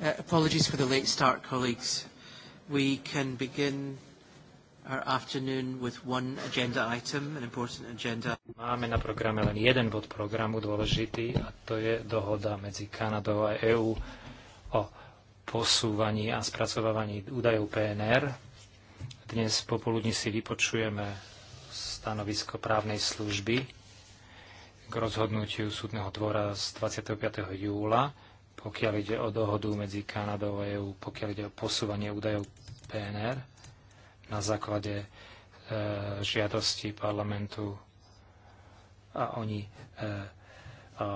Uh, apologies for the late start, colleagues. We can begin our afternoon with one agenda item, an important agenda. Máme na programe len jeden bod programu dôležitý a to je dohoda medzi Kanadou a EÚ o posúvaní a spracovávaní údajov PNR. Dnes popoludní si vypočujeme stanovisko právnej služby k rozhodnutiu súdneho dvora z 25. júla pokiaľ ide o dohodu medzi Kanadou a EU, pokiaľ ide o posúvanie údajov PNR na základe e, žiadosti parlamentu a oni e, a,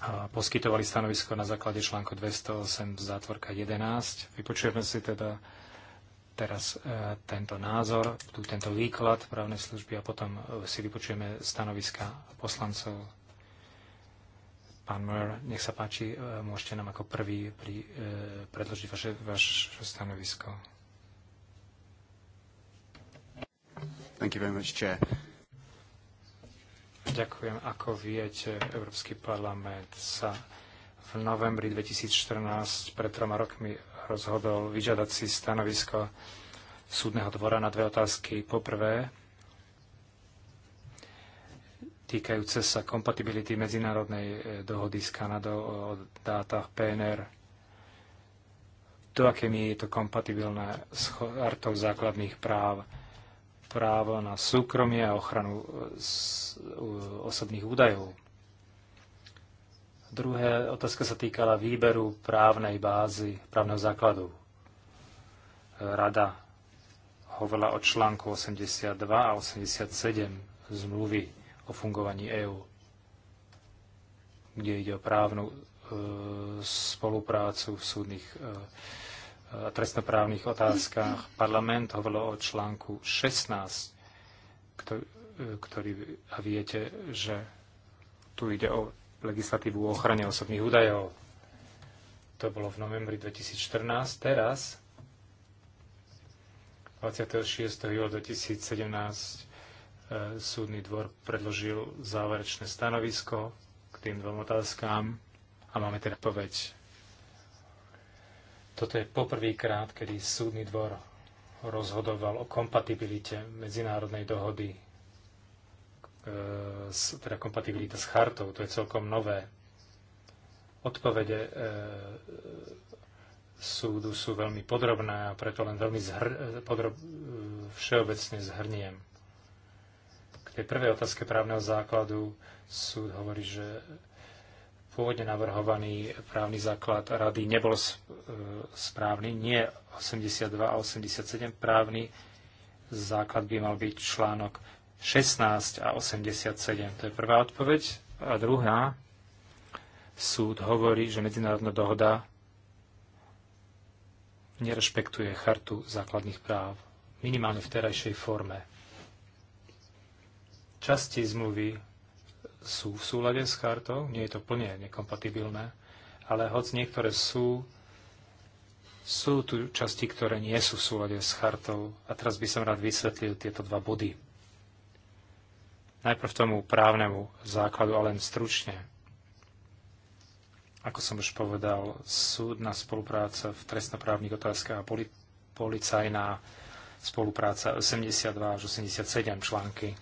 a poskytovali stanovisko na základe článku 208 zátvorka 11. Vypočujeme si teda teraz e, tento názor, tento výklad právnej služby a potom si vypočujeme stanoviska poslancov Pán Moer, nech sa páči, e, môžete nám ako prvý pri, e, predložiť vaše, vaše stanovisko. Thank you very much, Chair. Ďakujem. Ako viete, Európsky parlament sa v novembri 2014 pred troma rokmi rozhodol vyžiadať si stanovisko súdneho dvora na dve otázky. Poprvé, týkajúce sa kompatibility medzinárodnej e, dohody s Kanadou o dátach PNR. Do aké miery je to kompatibilné s chartou základných práv, právo na súkromie a ochranu e, osobných údajov. Druhá otázka sa týkala výberu právnej bázy, právneho základu. E, Rada hovorila o článku 82 a 87 zmluvy o fungovaní EÚ, kde ide o právnu e, spoluprácu v súdnych e, a e, trestnoprávnych otázkach. Parlament hovoril o článku 16, ktorý, e, ktorý a viete, že tu ide o legislatívu o ochrane osobných údajov. To bolo v novembri 2014. Teraz 26. júla 2017 E, súdny dvor predložil záverečné stanovisko k tým dvom otázkám a máme teda poveď. Toto je poprvýkrát, kedy súdny dvor rozhodoval o kompatibilite medzinárodnej dohody, e, teda kompatibilita s chartou, to je celkom nové. Odpovede e, súdu sú veľmi podrobné a preto len veľmi zhr- podrob- všeobecne zhrniem tej prvej otázke právneho základu súd hovorí, že pôvodne navrhovaný právny základ rady nebol e, správny, nie 82 a 87 právny základ by mal byť článok 16 a 87. To je prvá odpoveď. A druhá, súd hovorí, že medzinárodná dohoda nerešpektuje chartu základných práv, minimálne v terajšej forme časti zmluvy sú v súlade s chartou, nie je to plne nekompatibilné, ale hoc niektoré sú, sú tu časti, ktoré nie sú v súlade s chartou. A teraz by som rád vysvetlil tieto dva body. Najprv tomu právnemu základu, ale len stručne. Ako som už povedal, súdna spolupráca v trestnoprávnych otázkach a poli- policajná spolupráca 82 až 87 články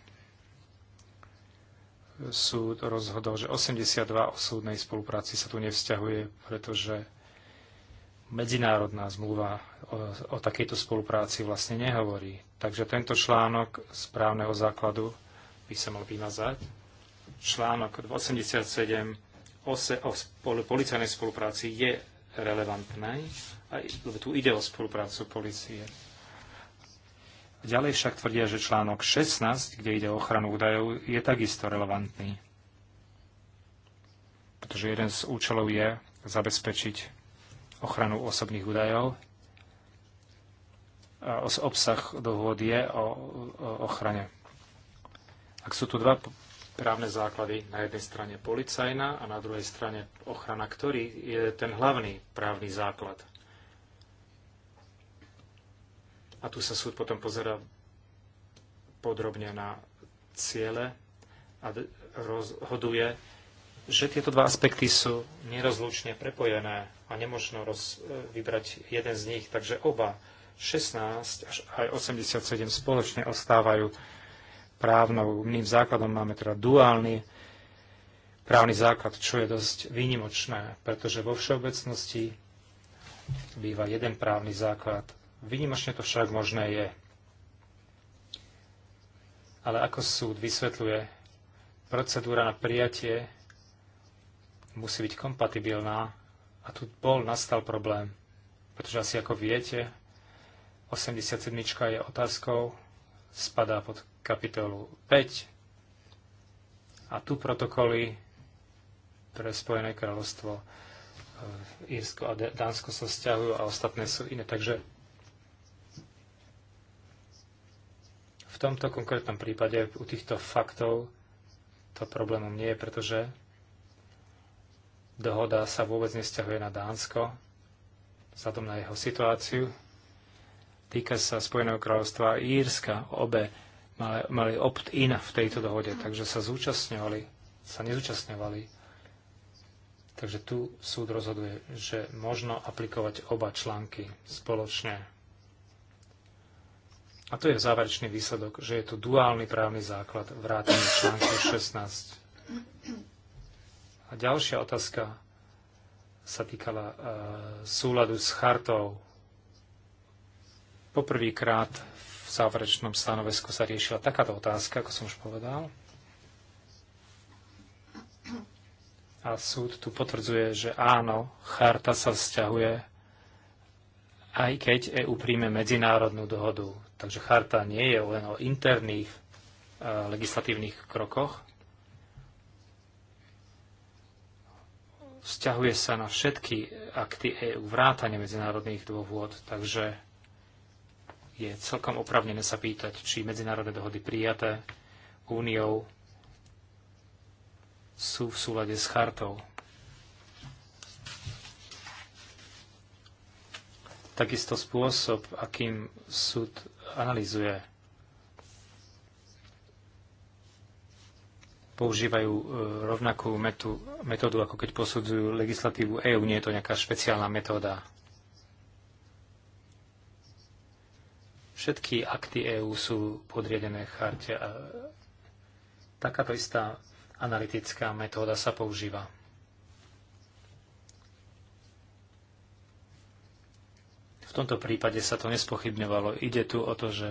súd rozhodol, že 82 o súdnej spolupráci sa tu nevzťahuje, pretože medzinárodná zmluva o, o takejto spolupráci vlastne nehovorí. Takže tento článok právneho základu by sa mal vymazať. Článok 87 o, o spol, policajnej spolupráci je relevantný, a tu ide o spoluprácu policie Ďalej však tvrdia, že článok 16, kde ide o ochranu údajov, je takisto relevantný. Pretože jeden z účelov je zabezpečiť ochranu osobných údajov. A obsah dohôd je o, o ochrane. Ak sú tu dva právne základy, na jednej strane policajná a na druhej strane ochrana, ktorý je ten hlavný právny základ – a tu sa súd potom pozera podrobne na ciele a rozhoduje, že tieto dva aspekty sú nerozlučne prepojené a nemožno roz, e, vybrať jeden z nich, takže oba 16 až aj 87 spoločne ostávajú právnou mným základom. Máme teda duálny právny základ, čo je dosť výnimočné, pretože vo všeobecnosti býva jeden právny základ Výnimočne to však možné je. Ale ako súd vysvetľuje, procedúra na prijatie musí byť kompatibilná a tu bol nastal problém. Pretože asi ako viete, 87. je otázkou, spadá pod kapitolu 5 a tu protokoly pre Spojené kráľovstvo e, Írsko a Dánsko sa vzťahujú a ostatné sú iné. Takže V tomto konkrétnom prípade u týchto faktov to problémom nie je, pretože dohoda sa vôbec nesťahuje na Dánsko, vzhľadom na jeho situáciu. Týka sa Spojeného kráľovstva a Írska. Obe mali, mali opt-in v tejto dohode, takže sa zúčastňovali, sa nezúčastňovali Takže tu súd rozhoduje, že možno aplikovať oba články spoločne. A to je záverečný výsledok, že je tu duálny právny základ vrátane článku 16. A ďalšia otázka sa týkala e, súladu s chartou. Poprvýkrát v záverečnom stanovisku sa riešila takáto otázka, ako som už povedal. A súd tu potvrdzuje, že áno, charta sa vzťahuje aj keď EU príjme medzinárodnú dohodu. Takže charta nie je len o interných e, legislatívnych krokoch. Vzťahuje sa na všetky akty EU vrátane medzinárodných dôvod, takže je celkom opravnené sa pýtať, či medzinárodné dohody prijaté úniou sú v súlade s chartou. Takisto spôsob, akým súd analizuje. Používajú e, rovnakú metu, metódu, ako keď posudzujú legislatívu EÚ. Nie je to nejaká špeciálna metóda. Všetky akty EÚ sú podriadené charte. Takáto istá analytická metóda sa používa. tomto prípade sa to nespochybňovalo. Ide tu o to, že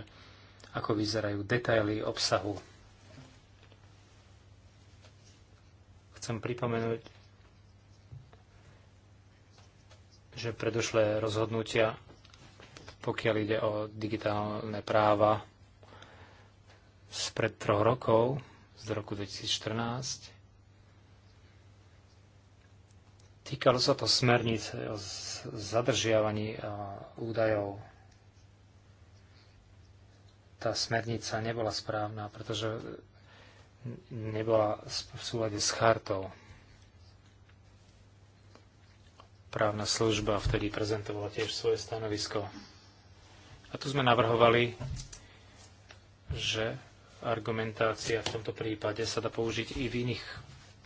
ako vyzerajú detaily obsahu. Chcem pripomenúť, že predošlé rozhodnutia, pokiaľ ide o digitálne práva, spred troch rokov, z roku 2014, Týkalo sa to smernice o zadržiavaní údajov. Tá smernica nebola správna, pretože nebola v súlade s chartou. Právna služba vtedy prezentovala tiež svoje stanovisko. A tu sme navrhovali, že argumentácia v tomto prípade sa dá použiť i v iných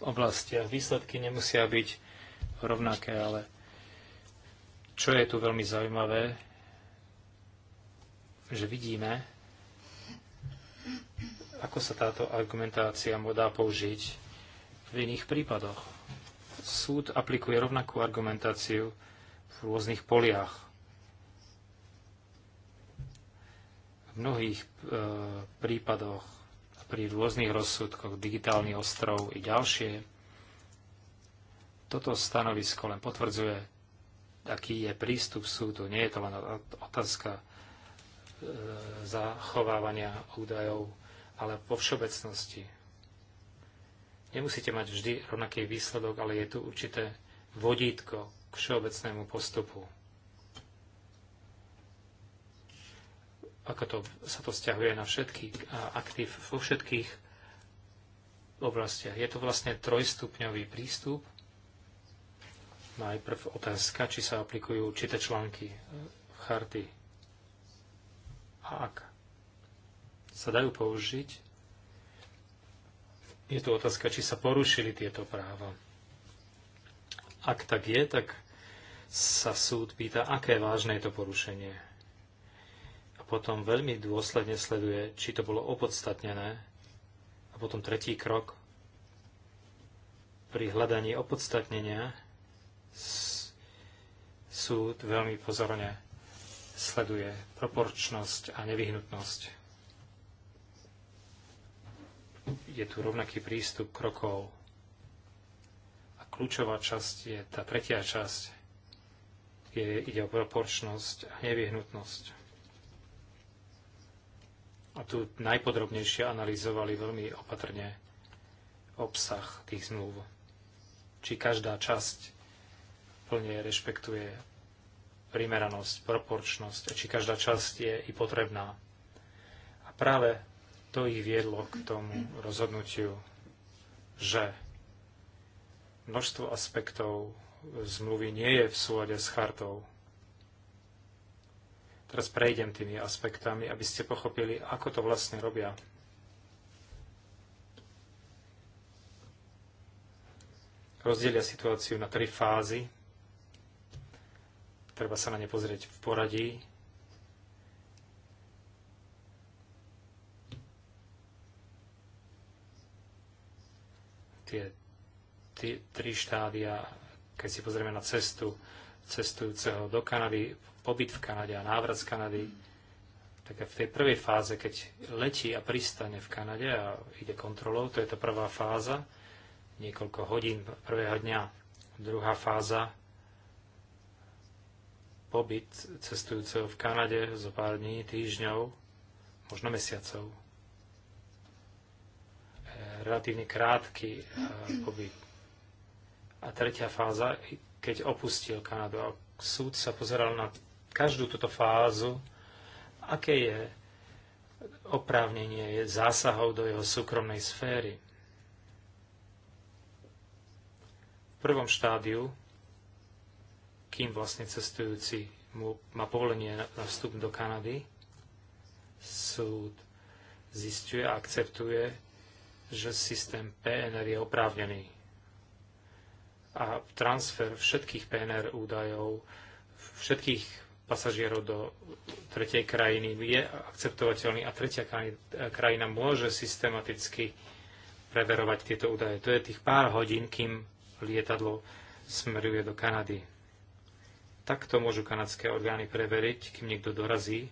oblastiach. Výsledky nemusia byť rovnaké, ale čo je tu veľmi zaujímavé, že vidíme, ako sa táto argumentácia dá použiť v iných prípadoch. Súd aplikuje rovnakú argumentáciu v rôznych poliach. V mnohých e, prípadoch pri rôznych rozsudkoch digitálny ostrov i ďalšie toto stanovisko len potvrdzuje, aký je prístup súdu. Nie je to len otázka e, zachovávania údajov, ale po všeobecnosti. Nemusíte mať vždy rovnaký výsledok, ale je tu určité vodítko k všeobecnému postupu. Ako to, sa to vzťahuje na všetkých aktív vo všetkých oblastiach. Je to vlastne trojstupňový prístup – No najprv otázka, či sa aplikujú určité články e, charty. A ak sa dajú použiť, je tu otázka, či sa porušili tieto práva. Ak tak je, tak sa súd pýta, aké vážne je to porušenie. A potom veľmi dôsledne sleduje, či to bolo opodstatnené. A potom tretí krok pri hľadaní opodstatnenia súd veľmi pozorne sleduje proporčnosť a nevyhnutnosť. Je tu rovnaký prístup krokov a kľúčová časť je tá tretia časť, kde ide o proporčnosť a nevyhnutnosť. A tu najpodrobnejšie analyzovali veľmi opatrne obsah tých zmluv. Či každá časť plne rešpektuje primeranosť, proporčnosť a či každá časť je i potrebná. A práve to ich viedlo k tomu rozhodnutiu, že množstvo aspektov zmluvy nie je v súlade s chartou. Teraz prejdem tými aspektami, aby ste pochopili, ako to vlastne robia. Rozdelia situáciu na tri fázy. Treba sa na ne pozrieť v poradí. Tie, tie tri štádia, keď si pozrieme na cestu cestujúceho do Kanady, pobyt v Kanade a návrat z Kanady, tak v tej prvej fáze, keď letí a pristane v Kanade a ide kontrolou, to je tá prvá fáza, niekoľko hodín prvého dňa. Druhá fáza pobyt cestujúceho v Kanade zo pár dní, týždňov, možno mesiacov. E, relatívne krátky e, pobyt. A tretia fáza, keď opustil Kanadu. A súd sa pozeral na každú túto fázu, aké je oprávnenie zásahov do jeho súkromnej sféry. V prvom štádiu kým vlastne cestujúci mu, má povolenie na vstup do Kanady, súd zistuje a akceptuje, že systém PNR je oprávnený. A transfer všetkých PNR údajov, všetkých pasažierov do tretej krajiny je akceptovateľný a tretia krajina môže systematicky preverovať tieto údaje. To je tých pár hodín, kým lietadlo smeruje do Kanady. Takto môžu kanadské orgány preveriť, kým niekto dorazí,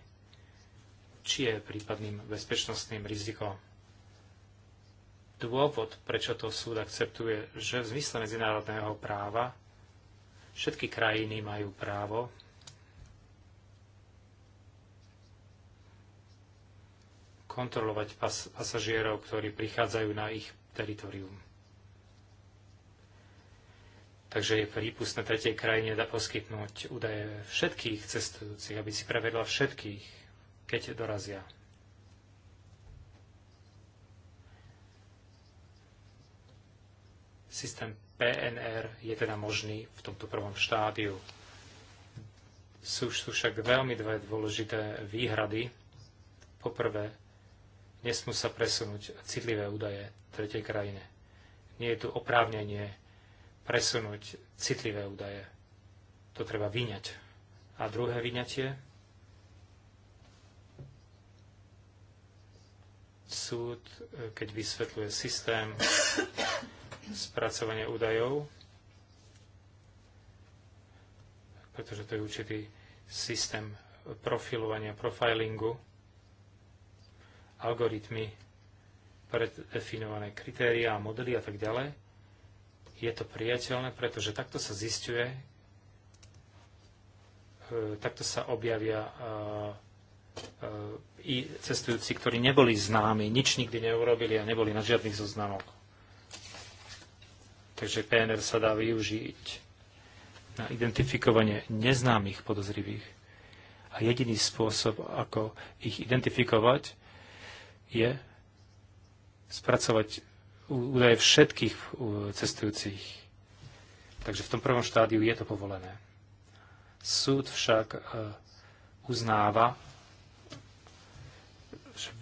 či je prípadným bezpečnostným rizikom. Dôvod, prečo to súd akceptuje, že v zmysle medzinárodného práva všetky krajiny majú právo kontrolovať pas- pasažierov, ktorí prichádzajú na ich teritorium. Takže je prípustné tretej krajine da poskytnúť údaje všetkých cestujúcich, aby si prevedla všetkých, keď dorazia. Systém PNR je teda možný v tomto prvom štádiu. Sú, sú však veľmi dve dôležité výhrady. Poprvé, nesmú sa presunúť citlivé údaje tretej krajine. Nie je tu oprávnenie presunúť citlivé údaje. To treba vyňať. A druhé vyňatie súd, keď vysvetľuje systém spracovania údajov, pretože to je určitý systém profilovania, profilingu, algoritmy, predefinované kritéria a modely a tak ďalej, je to priateľné, pretože takto sa zistuje, e, takto sa objavia e, e, i cestujúci, ktorí neboli známi, nič nikdy neurobili a neboli na žiadnych zoznamoch. Takže PNR sa dá využiť na identifikovanie neznámych podozrivých. A jediný spôsob, ako ich identifikovať, je spracovať údaje všetkých uh, cestujúcich. Takže v tom prvom štádiu je to povolené. Súd však uh, uznáva, že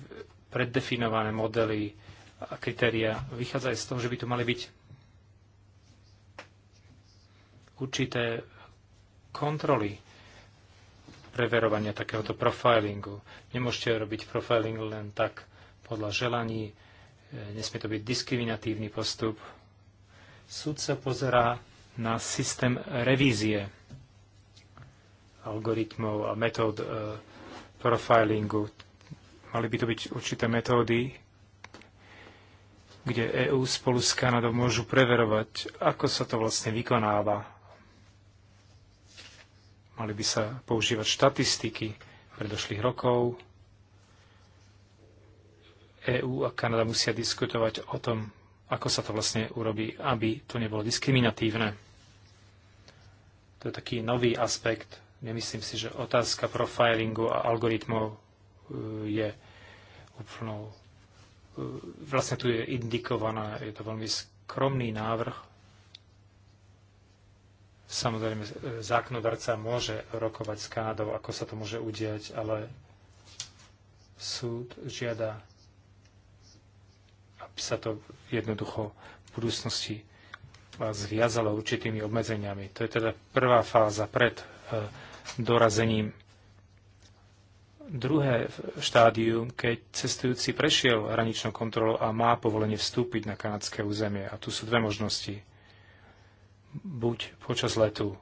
preddefinované modely a kritéria vychádzajú z toho, že by tu mali byť určité kontroly preverovania takéhoto profilingu. Nemôžete robiť profiling len tak podľa želaní, E, nesmie to byť diskriminatívny postup. Súd sa pozerá na systém revízie algoritmov a metód e, profilingu. Mali by to byť určité metódy, kde EÚ spolu s Kanadou môžu preverovať, ako sa to vlastne vykonáva. Mali by sa používať štatistiky predošlých rokov, EÚ a Kanada musia diskutovať o tom, ako sa to vlastne urobí, aby to nebolo diskriminatívne. To je taký nový aspekt. Nemyslím si, že otázka profilingu a algoritmov e, je úplnou... E, vlastne tu je indikovaná, je to veľmi skromný návrh. Samozrejme, e, zákonodarca môže rokovať s Kanadou, ako sa to môže udiať, ale súd žiada aby sa to jednoducho v budúcnosti zviazalo určitými obmedzeniami. To je teda prvá fáza pred e, dorazením. Druhé štádium, keď cestujúci prešiel hraničnou kontrolou a má povolenie vstúpiť na kanadské územie. A tu sú dve možnosti. Buď počas letu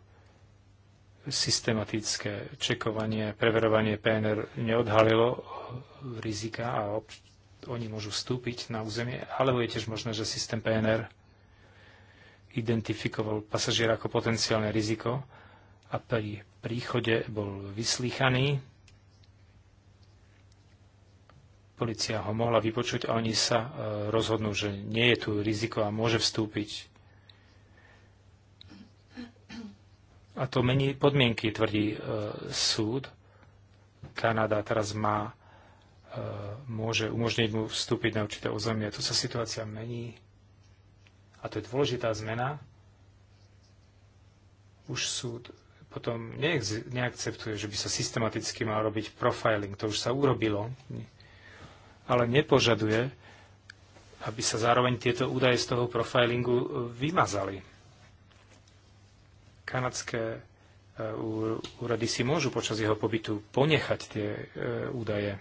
systematické čekovanie, preverovanie PNR neodhalilo rizika a oni môžu vstúpiť na územie, alebo je tiež možné, že systém PNR identifikoval pasažiera ako potenciálne riziko a pri príchode bol vyslýchaný. Polícia ho mohla vypočuť a oni sa e, rozhodnú, že nie je tu riziko a môže vstúpiť. A to mení podmienky, tvrdí e, súd. Kanada teraz má môže umožniť mu vstúpiť na určité územie. Tu sa situácia mení a to je dôležitá zmena. Už súd potom neakceptuje, že by sa systematicky mal robiť profiling. To už sa urobilo, ale nepožaduje, aby sa zároveň tieto údaje z toho profilingu e, vymazali. Kanadské e, úrady si môžu počas jeho pobytu ponechať tie e, údaje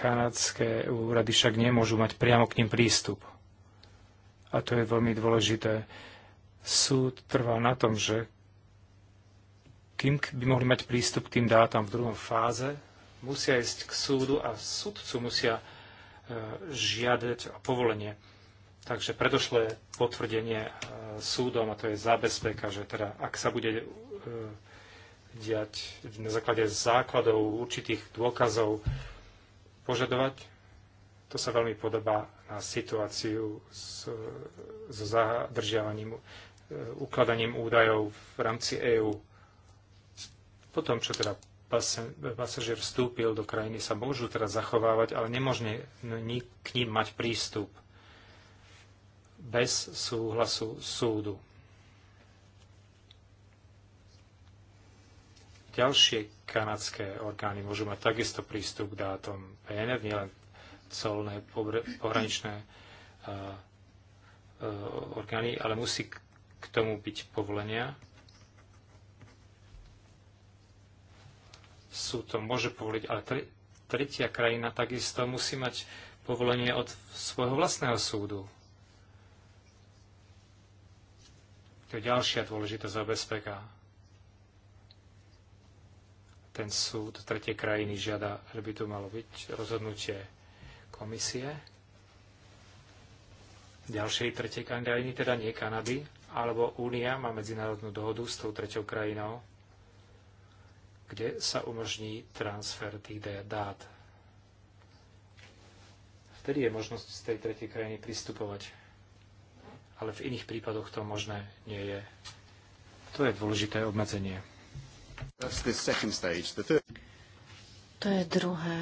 kanadské úrady však nemôžu mať priamo k ním prístup. A to je veľmi dôležité. Súd trvá na tom, že kým by mohli mať prístup k tým dátam v druhom fáze, musia ísť k súdu a súdcu musia e, žiadať o povolenie. Takže predošlé potvrdenie e, súdom, a to je zábezpeka, že teda ak sa bude e, diať na základe základov určitých dôkazov, požadovať. To sa veľmi podobá na situáciu s, s zadržiavaním, e, ukladaním údajov v rámci EÚ. Po tom, čo teda pasažier vstúpil do krajiny, sa môžu teraz zachovávať, ale nemôžne k ním mať prístup bez súhlasu súdu. Ďalšie kanadské orgány môžu mať takisto prístup k dátom PNR, nielen colné, pohraničné eh, eh, orgány, ale musí k tomu byť povolenia. Sú to, môže povoliť, ale tri, tretia krajina takisto musí mať povolenie od svojho vlastného súdu. To je ďalšia dôležitá zabezpeka ten súd tretej krajiny žiada, že by tu malo byť rozhodnutie komisie ďalšej tretej krajiny, teda nie Kanady, alebo Únia má medzinárodnú dohodu s tou tretou krajinou, kde sa umožní transfer tých dát. Vtedy je možnosť z tej tretej krajiny pristupovať. Ale v iných prípadoch to možné nie je. To je dôležité obmedzenie. To je druhé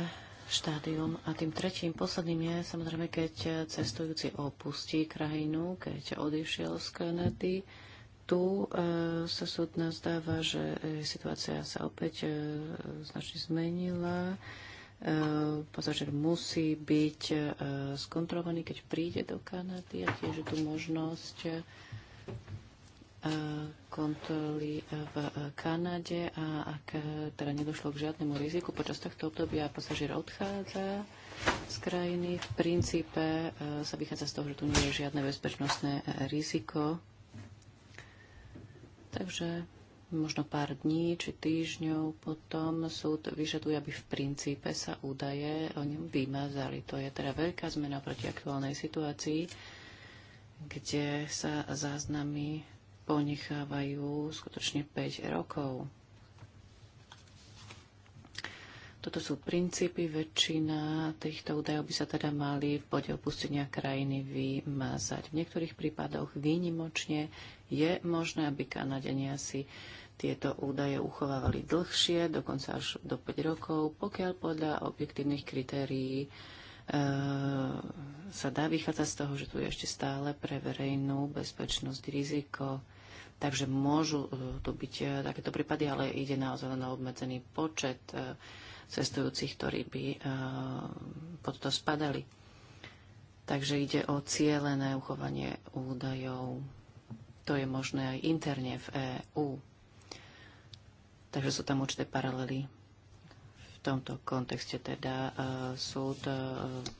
štádium. A tým tretím, posledným je samozrejme, keď cestujúci opustí krajinu, keď odišiel z Kanady. Tu e, sa súd nazdáva, že e, situácia sa opäť e, značne zmenila. E, pasažier musí byť e, skontrolovaný, keď príde do Kanady a tiež je tu možnosť e, kontroly v Kanade a ak teda nedošlo k žiadnemu riziku počas tohto obdobia pasažier odchádza z krajiny, v princípe e, sa vychádza z toho, že tu nie je žiadne bezpečnostné riziko. Takže možno pár dní či týždňov potom súd vyžaduje, aby v princípe sa údaje o ňom vymazali. To je teda veľká zmena proti aktuálnej situácii, kde sa záznamy ponechávajú skutočne 5 rokov. Toto sú princípy, väčšina týchto údajov by sa teda mali v bode opustenia krajiny vymazať. V niektorých prípadoch výnimočne je možné, aby Kanadenia si tieto údaje uchovávali dlhšie, dokonca až do 5 rokov, pokiaľ podľa objektívnych kritérií e, sa dá vychádzať z toho, že tu je ešte stále pre verejnú bezpečnosť riziko Takže môžu e, tu byť e, takéto prípady, ale ide naozaj na obmedzený počet e, cestujúcich, ktorí by pod to spadali. Takže ide o cieľené uchovanie údajov. To je možné aj interne v EÚ. Takže sú tam určité paralely. V tomto kontexte teda súd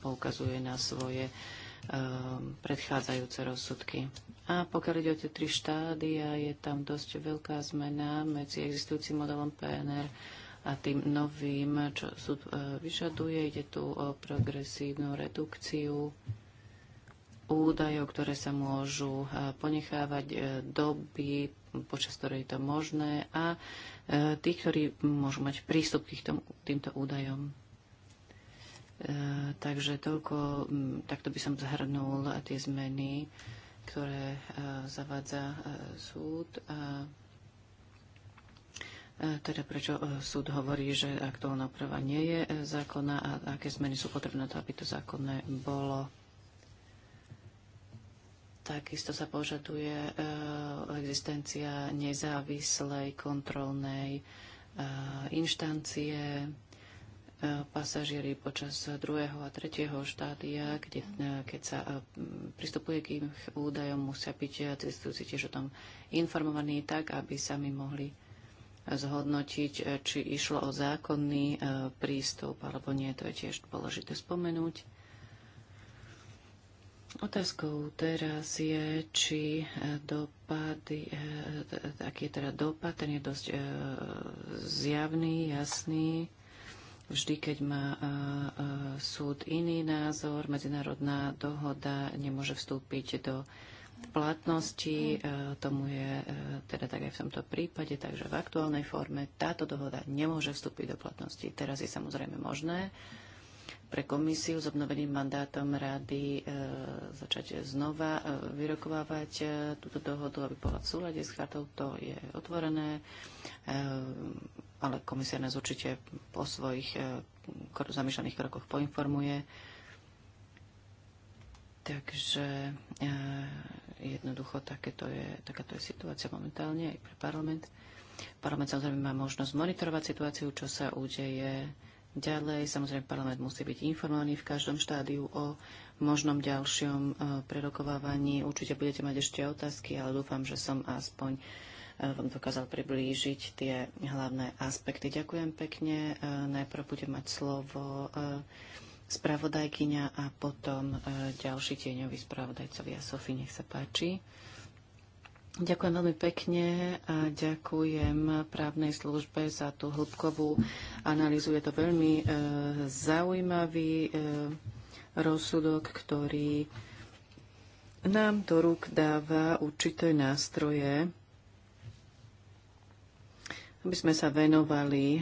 poukazuje na svoje predchádzajúce rozsudky. A pokiaľ ide o tie tri štádia, je tam dosť veľká zmena medzi existujúcim modelom PNR a tým novým, čo súd e, vyžaduje. Ide tu o progresívnu redukciu údajov, ktoré sa môžu e, ponechávať e, doby, počas ktorej je to možné a tí, ktorí môžu mať prístup k týmto, týmto údajom. Takže toľko, takto by som zhrnul tie zmeny ktoré e, zavádza e, súd. A e, teda prečo súd hovorí, že aktuálna oprava nie je zákonná a aké zmeny sú potrebné to, aby to zákonné bolo. Takisto sa požaduje existencia nezávislej kontrolnej inštancie, pasažieri počas druhého a tretieho štádia, kde, e, keď sa e, pristupuje k ich údajom, musia byť cestujúci tiež o tom informovaní tak, aby sami mohli zhodnotiť, e, či išlo o zákonný prístup alebo nie. To je tiež dôležité spomenúť. Otázkou teraz je, či dopady, aký je teda dopad, ten je dosť zjavný, jasný. Vždy, keď má súd iný názor, medzinárodná dohoda nemôže vstúpiť do platnosti. Tomu je e, teda tak aj v tomto prípade, takže v aktuálnej forme táto dohoda nemôže vstúpiť do platnosti. Teraz je samozrejme možné, pre komisiu s obnoveným mandátom rady e, začať znova e, vyrokovávať e, túto dohodu, aby bola v súlade s chartou. To je otvorené, e, ale komisia nás určite po svojich e, zamýšľaných krokoch poinformuje. Takže e, jednoducho takéto je, takáto je situácia momentálne aj pre parlament. Parlament samozrejme má možnosť monitorovať situáciu, čo sa udeje Ďalej, samozrejme, parlament musí byť informovaný v každom štádiu o možnom ďalšom e, prerokovávaní. Určite budete mať ešte otázky, ale dúfam, že som aspoň e, vám dokázal priblížiť tie hlavné aspekty. Ďakujem pekne. E, najprv bude mať slovo spravodajkyňa a potom ďalší tieňový spravodajcovia. Sofi, nech sa páči. Ďakujem veľmi pekne a ďakujem právnej službe za tú hĺbkovú analýzu. Je to veľmi e, zaujímavý e, rozsudok, ktorý nám do rúk dáva určité nástroje, aby sme sa venovali e,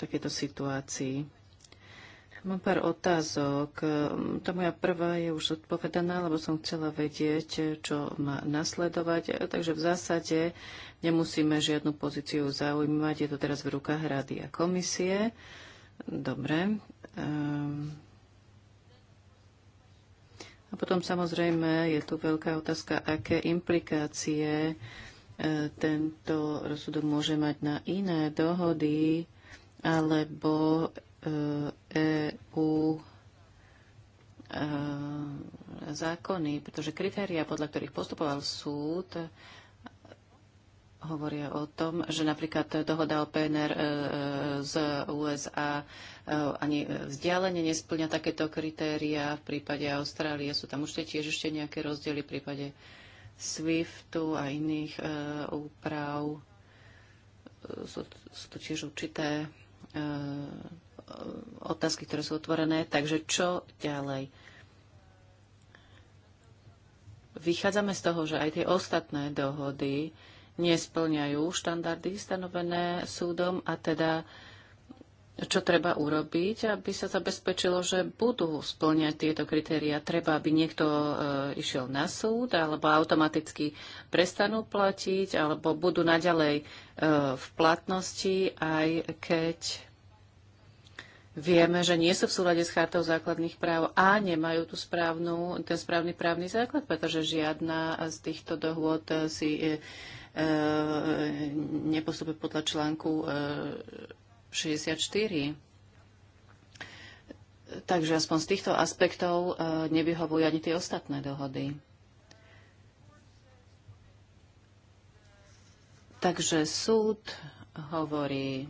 takéto situácii. Mám pár otázok. Mm, tá moja prvá je už odpovedaná, lebo som chcela vedieť, čo má nasledovať. Takže v zásade nemusíme žiadnu pozíciu zaujímať. Je to teraz v rukách rady a komisie. Dobre. Ehm. A potom samozrejme je tu veľká otázka, aké implikácie e, tento rozsudok môže mať na iné dohody alebo EU e e, zákony, pretože kritéria, podľa ktorých postupoval súd, hovoria o tom, že napríklad dohoda o PNR e, z USA ani vzdialenie nesplňa takéto kritéria. V prípade Austrálie sú tam už tiež ešte nejaké rozdiely v prípade SWIFTu a iných úprav. Sú, sú to tiež určité otázky, ktoré sú otvorené. Takže čo ďalej? Vychádzame z toho, že aj tie ostatné dohody nesplňajú štandardy stanovené súdom a teda čo treba urobiť, aby sa zabezpečilo, že budú splňať tieto kritéria. Treba, aby niekto e, išiel na súd, alebo automaticky prestanú platiť, alebo budú naďalej e, v platnosti, aj keď vieme, že nie sú v súlade s chartou základných práv a nemajú tú správnu, ten správny právny základ, pretože žiadna z týchto dohôd si e, e, nepostupuje podľa článku e, 64. Takže aspoň z týchto aspektov e, nevyhovujú ani tie ostatné dohody. Takže súd hovorí,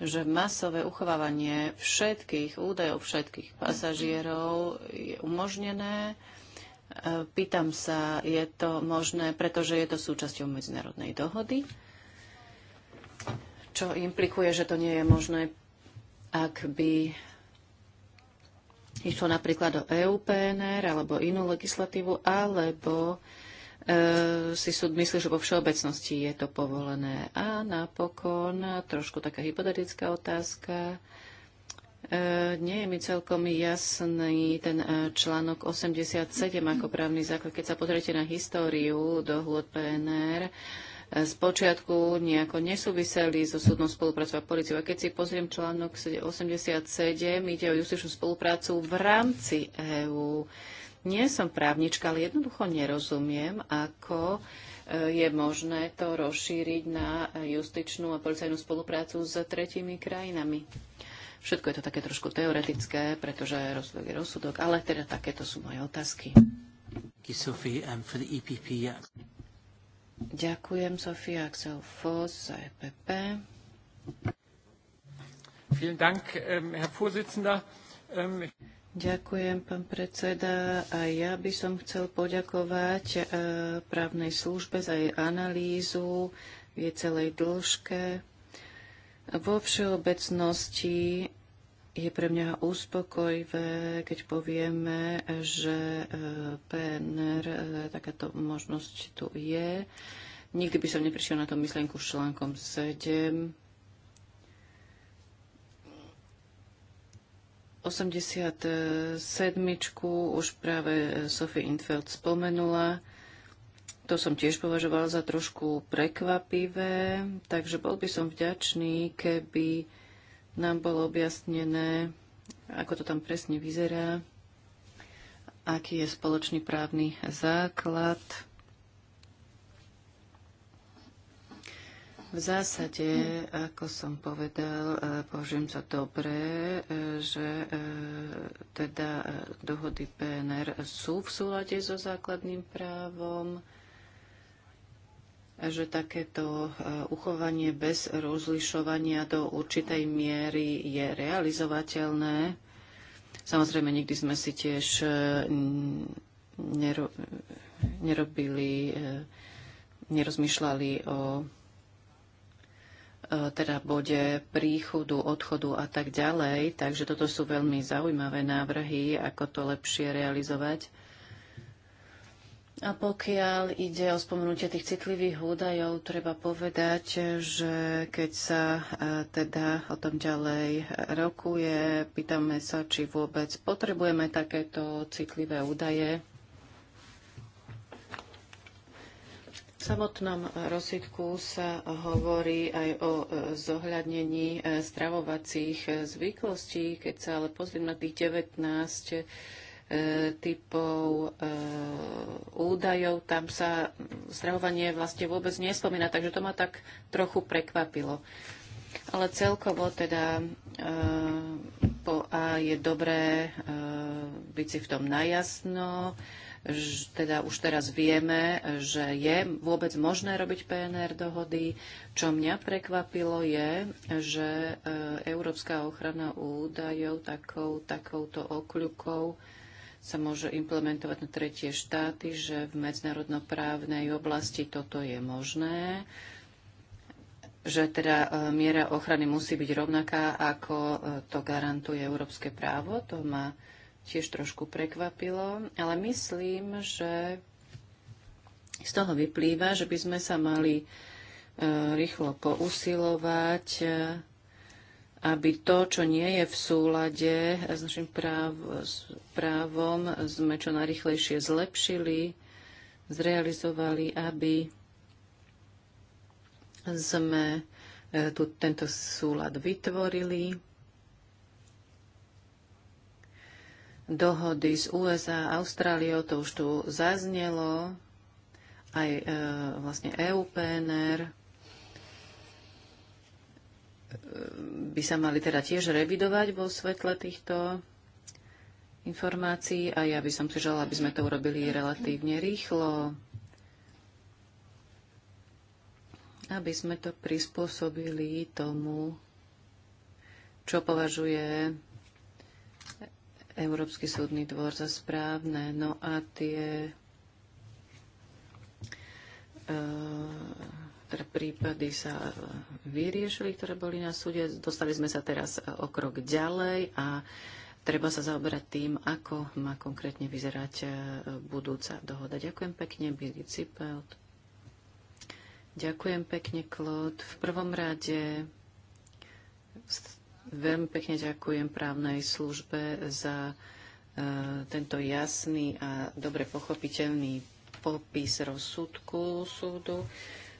že masové uchovávanie všetkých údajov všetkých pasažierov je umožnené. E, pýtam sa, je to možné, pretože je to súčasťou medzinárodnej dohody, čo implikuje, že to nie je možné, ak by išlo napríklad o EUPNR alebo inú legislatívu, alebo E, si súd myslí, že vo všeobecnosti je to povolené. A napokon trošku taká hypotetická otázka. E, nie je mi celkom jasný ten e, článok 87 ako právny základ. Keď sa pozriete na históriu dohôd PNR, z počiatku nejako nesúviseli so súdnou spoluprácou a policiou. A keď si pozriem článok 87, ide o justičnú spoluprácu v rámci EÚ. Nie som právnička, ale jednoducho nerozumiem, ako e, je možné to rozšíriť na justičnú a policajnú spoluprácu s tretími krajinami. Všetko je to také trošku teoretické, pretože rozsudok je rozsudok, ale teda takéto sú moje otázky. Um, e Ďakujem, Sofia Axel Foss za EPP. Vielen Dank, ähm, Herr Vorsitzender. Ähm, Ďakujem, pán predseda. A ja by som chcel poďakovať e, právnej službe za jej analýzu v jej celej dĺžke. Vo všeobecnosti je pre mňa uspokojivé, keď povieme, že e, PNR, e, takáto možnosť tu je. Nikdy by som neprišiel na to myslenku s článkom 7 87. už práve eh, Sophie Infeld spomenula. To som tiež považovala za trošku prekvapivé, takže bol by som vďačný, keby nám bolo objasnené, ako to tam presne vyzerá, aký je spoločný právny základ V zásade, ako som povedal, e, považujem za dobré, e, že e, teda dohody PNR sú v súlade so základným právom, že takéto uchovanie bez rozlišovania do určitej miery je realizovateľné. Samozrejme, nikdy sme si tiež nerobili, nerozmýšľali o E, teda bode príchodu, odchodu a tak ďalej. Takže toto sú veľmi zaujímavé návrhy, ako to lepšie realizovať. A pokiaľ ide o spomenutie tých citlivých údajov, treba povedať, že keď sa e, teda o tom ďalej rokuje, pýtame sa, či vôbec potrebujeme takéto citlivé údaje. V samotnom rozsudku sa hovorí aj o e, zohľadnení e, stravovacích e, zvyklostí. Keď sa ale pozriem na tých 19 typov údajov, tam sa stravovanie vlastne vôbec nespomína, takže to ma tak trochu prekvapilo. Ale celkovo teda po A je dobré byť si v tom najasno, teda už teraz vieme, že je vôbec možné robiť PNR dohody. Čo mňa prekvapilo je, že e, Európska ochrana údajov takou, takouto okľukou sa môže implementovať na tretie štáty, že v medzinárodnoprávnej oblasti toto je možné že teda e, miera ochrany musí byť rovnaká, ako e, to garantuje európske právo. To ma tiež trošku prekvapilo, ale myslím, že z toho vyplýva, že by sme sa mali e, rýchlo pousilovať, e, aby to, čo nie je v súlade s našim práv, s právom, sme čo najrychlejšie zlepšili, zrealizovali, aby sme e, tu tento súlad vytvorili dohody z USA a Austráliou, to už tu zaznelo, aj e, vlastne EUPNR e, by sa mali teda tiež revidovať vo svetle týchto informácií a ja by som si želala, aby sme to urobili relatívne rýchlo, aby sme to prispôsobili tomu, čo považuje Európsky súdny dvor za správne. No a tie e, teda prípady sa vyriešili, ktoré boli na súde. Dostali sme sa teraz o krok ďalej a treba sa zaoberať tým, ako má konkrétne vyzerať e, budúca dohoda. Ďakujem pekne, Billy Cipelt. Ďakujem pekne, Klod. V prvom rade Veľmi pekne ďakujem právnej službe za e, tento jasný a dobre pochopiteľný popis rozsudku súdu.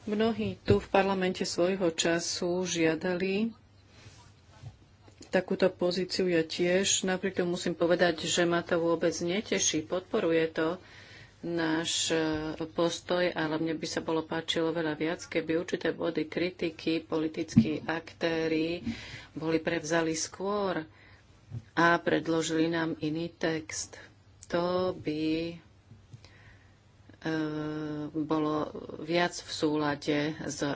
Mnohí tu v parlamente svojho času žiadali takúto pozíciu ja tiež. Napriek tomu musím povedať, že ma to vôbec neteší. Podporuje to náš e, postoj, ale mne by sa bolo páčilo veľa viac, keby určité body kritiky politickí aktéry boli prevzali skôr a predložili nám iný text. To by E, bolo viac v súlade s e,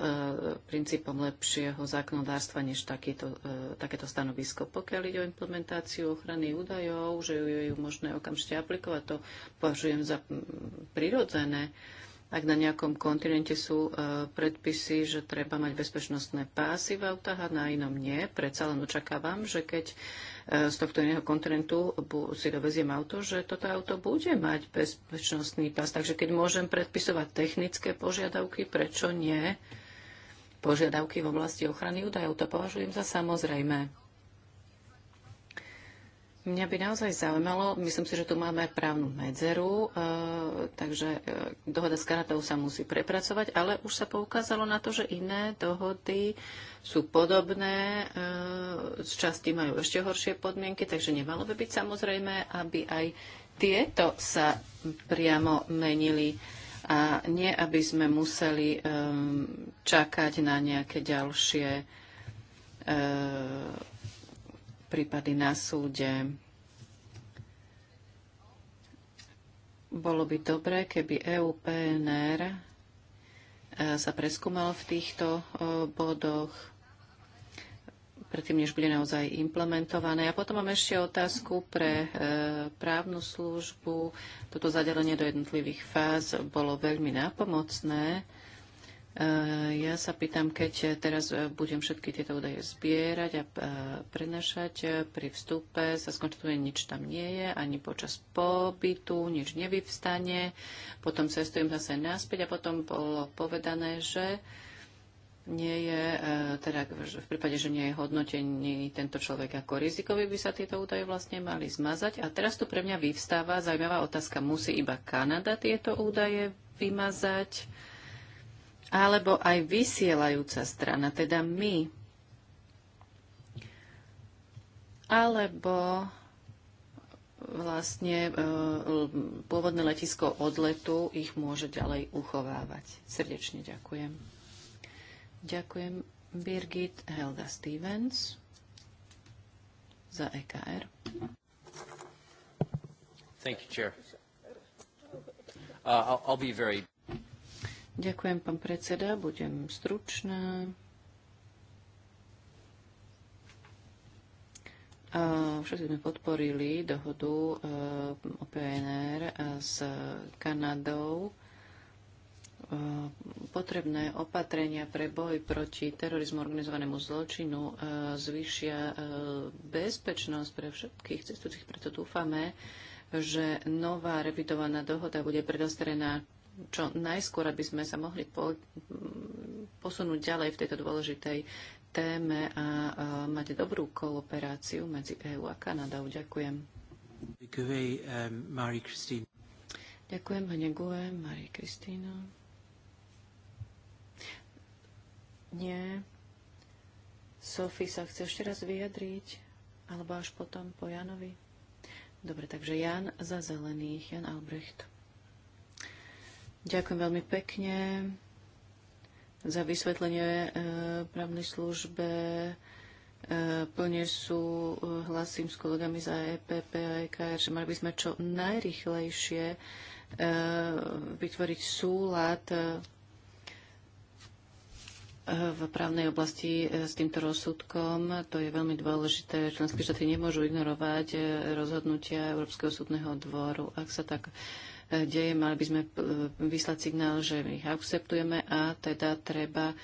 princípom lepšieho zákonodárstva než takýto, e, takéto stanovisko. Pokiaľ ide o implementáciu ochrany údajov, že ju je možné okamžite aplikovať, to považujem za prirodzené. Ak na nejakom kontinente sú predpisy, že treba mať bezpečnostné pásy v autách a na inom nie, predsa len očakávam, že keď E, z tohto iného kontinentu si doveziem auto, že toto auto bude mať bezpečnostný pás. Takže keď môžem predpisovať technické požiadavky, prečo nie? Požiadavky v oblasti ochrany údajov to považujem za samozrejme. Mňa by naozaj zaujímalo, myslím si, že tu máme právnu medzeru, e, takže e, dohoda s Kanadou sa musí prepracovať, ale už sa poukázalo na to, že iné dohody sú podobné, e, z časti majú ešte horšie podmienky, takže nemalo by byť samozrejme, aby aj tieto sa priamo menili a nie, aby sme museli e, čakať na nejaké ďalšie uh, prípady na súde. Bolo by dobré, keby EUPNR e, sa preskúmal v týchto e, bodoch predtým, než bude naozaj implementované. A potom mám ešte otázku pre e, právnu službu. Toto zadelenie do jednotlivých fáz bolo veľmi nápomocné. Eh, ja sa pýtam, keď teraz eh, budem všetky tieto údaje zbierať a eh, prenašať pri vstupe, sa skonštatuje, nič tam nie je, ani počas pobytu, nič nevyvstane, potom cestujem zase naspäť a potom bolo povedané, že nie je, teda v prípade, že nie je hodnotený tento človek ako rizikový, by sa tieto údaje vlastne mali zmazať. A teraz tu pre mňa vyvstáva zaujímavá otázka, musí iba Kanada tieto údaje vymazať? alebo aj vysielajúca strana, teda my, alebo vlastne e, pôvodné letisko odletu ich môže ďalej uchovávať. Srdečne ďakujem. Ďakujem Birgit Helga Stevens za EKR. Thank you, Chair. Uh, I'll, I'll be very... Ďakujem, pán predseda. Budem stručná. Všetci sme podporili dohodu e, o PNR e, s Kanadou. E, potrebné opatrenia pre boj proti terorizmu organizovanému zločinu zvýšia bezpečnosť pre všetkých cestujúcich, preto dúfame, že nová revidovaná dohoda bude predostrená čo najskôr, aby sme sa mohli po, posunúť ďalej v tejto dôležitej téme a mať dobrú kooperáciu medzi EU a Kanadou. Ďakujem. Ďakujem, Hanegue, Marie Kristína. Nie. Sophie sa chce ešte raz vyjadriť, alebo až potom po Janovi. Dobre, takže Jan za zelených, Jan Albrecht. Ďakujem veľmi pekne za vysvetlenie e, právnej službe. E, plne sú, e, hlasím s kolegami za EPP a EKR, že mali by sme čo najrychlejšie e, vytvoriť súlad e, v právnej oblasti e, s týmto rozsudkom. To je veľmi dôležité. Členské štáty nemôžu ignorovať e, rozhodnutia Európskeho súdneho dvoru. Ak sa tak deje. Mali by sme e, vyslať signál, že ich akceptujeme a teda treba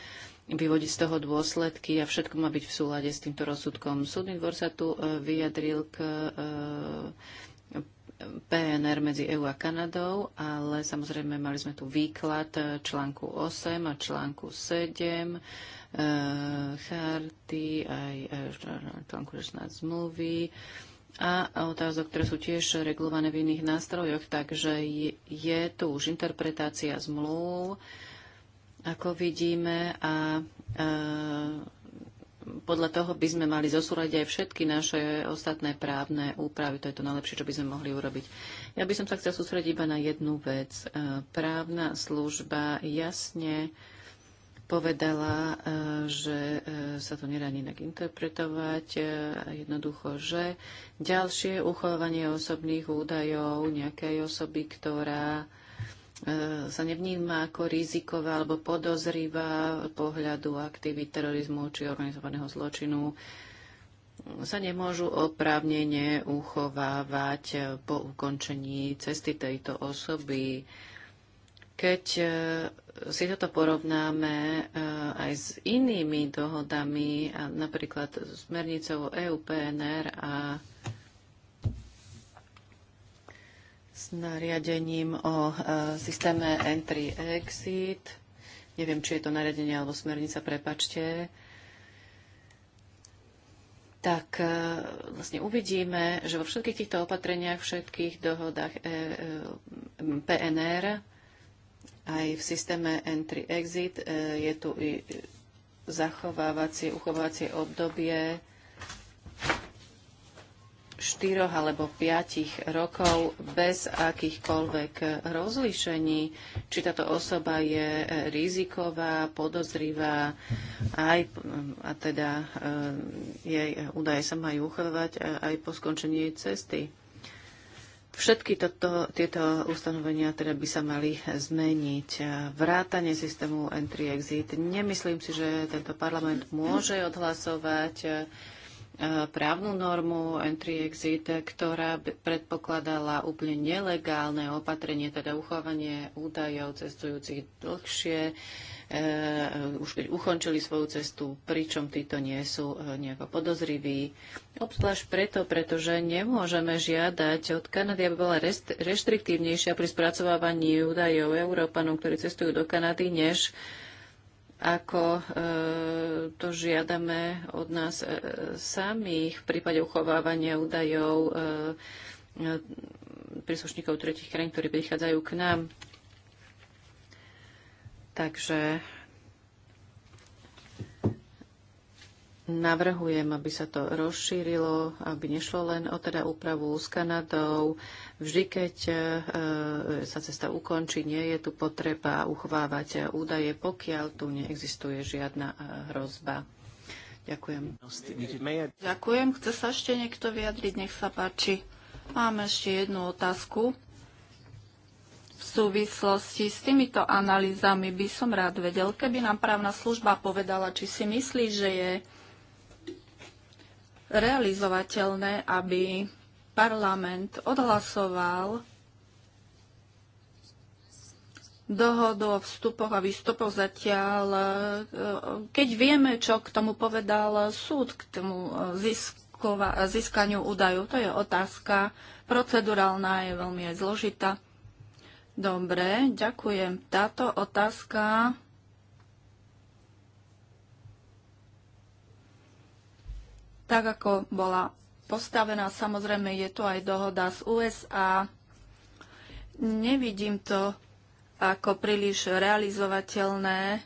vyvodiť z toho dôsledky a všetko má byť v súlade s týmto rozsudkom. Súdny dvor sa tu e, vyjadril k e, PNR medzi EU a Kanadou, ale samozrejme mali sme tu výklad článku 8 a článku 7 charty, aj článku 16 zmluvy a otázok, ktoré sú tiež regulované v iných nástrojoch, takže je, je tu už interpretácia zmluv, ako vidíme, a e, podľa toho by sme mali zosúľať aj všetky naše ostatné právne úpravy. To je to najlepšie, čo by sme mohli urobiť. Ja by som sa chcel sústrediť iba na jednu vec. E, právna služba jasne e, povedala, e, že e, sa to nedá inak interpretovať, e, jednoducho, že ďalšie uchovávanie osobných údajov nejakej osoby, ktorá sa nevníma ako riziková alebo podozrivá pohľadu aktivít terorizmu či organizovaného zločinu, sa nemôžu oprávnene uchovávať po ukončení cesty tejto osoby. Keď e, si toto porovnáme e, aj s inými dohodami, napríklad s mernicou EUPNR a s nariadením o e, systéme entry-exit, neviem, či je to nariadenie alebo smernica, prepačte, tak vlastne uvidíme, že vo všetkých týchto opatreniach, všetkých dohodách PNR aj v systéme entry exit e, je tu i zachovávacie, uchovávacie obdobie štyroch alebo piatich rokov bez akýchkoľvek rozlíšení, či táto osoba je e, riziková, podozrivá, aj, mm, a teda e, jej údaje sa majú uchovať aj po skončení cesty. Všetky toto, tieto ustanovenia teda by sa mali zmeniť. Vrátanie systému entry exit. Nemyslím si, že tento parlament môže odhlasovať e, právnu normu entry exit, ktorá predpokladala úplne nelegálne opatrenie, teda uchovanie údajov cestujúcich dlhšie Eh, už keď ukončili svoju cestu, pričom títo nie sú eh, nejako podozriví. Obzvlášť preto, pretože nemôžeme žiadať od Kanady, aby bola reštriktívnejšia pri spracovávaní údajov Európanom, ktorí cestujú do Kanady, než ako e, to žiadame od nás e, samých v prípade uchovávania údajov e, príslušníkov tretich krajín, ktorí prichádzajú k nám. Takže navrhujem, aby sa to rozšírilo, aby nešlo len o teda úpravu s Kanadou. Vždy, keď e, e, sa cesta ukončí, nie je tu potreba uchovávať údaje, pokiaľ tu neexistuje žiadna e, hrozba. Ďakujem. Ďakujem. Chce sa ešte niekto vyjadriť? Nech sa páči. Mám ešte jednu otázku súvislosti s týmito analýzami by som rád vedel, keby nám právna služba povedala, či si myslí, že je realizovateľné, aby parlament odhlasoval dohodu o vstupoch a výstupoch zatiaľ, e, keď vieme, čo k tomu povedal súd, k tomu e, ziskova, získaniu údajov. To je otázka procedurálna, je veľmi aj zložitá. Dobre, ďakujem. Táto otázka tak ako bola postavená, samozrejme je tu aj dohoda z USA. Nevidím to ako príliš realizovateľné,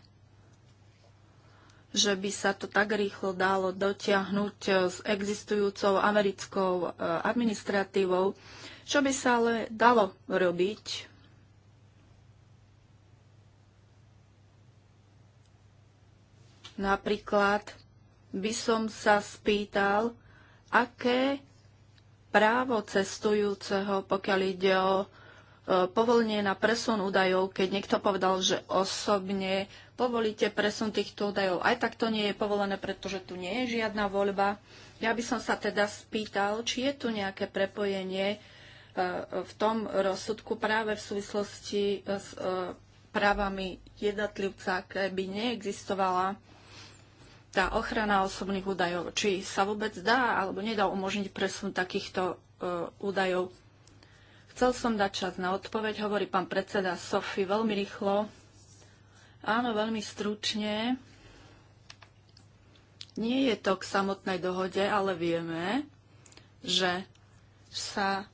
že by sa to tak rýchlo dalo dotiahnuť s existujúcou americkou eh, administratívou. Čo by sa ale dalo robiť? Napríklad by som sa spýtal, aké právo cestujúceho, pokiaľ ide o e, povolenie na presun údajov, keď niekto povedal, že osobne povolíte presun týchto údajov. Aj tak to nie je povolené, pretože tu nie je žiadna voľba. Ja by som sa teda spýtal, či je tu nejaké prepojenie e, v tom rozsudku práve v súvislosti s e, právami jednotlivca, keby neexistovala tá ochrana osobných údajov, či sa vôbec dá alebo nedá umožniť presun takýchto e, údajov. Chcel som dať čas na odpoveď, hovorí pán predseda Sofy veľmi rýchlo. Áno, veľmi stručne. Nie je to k samotnej dohode, ale vieme, že sa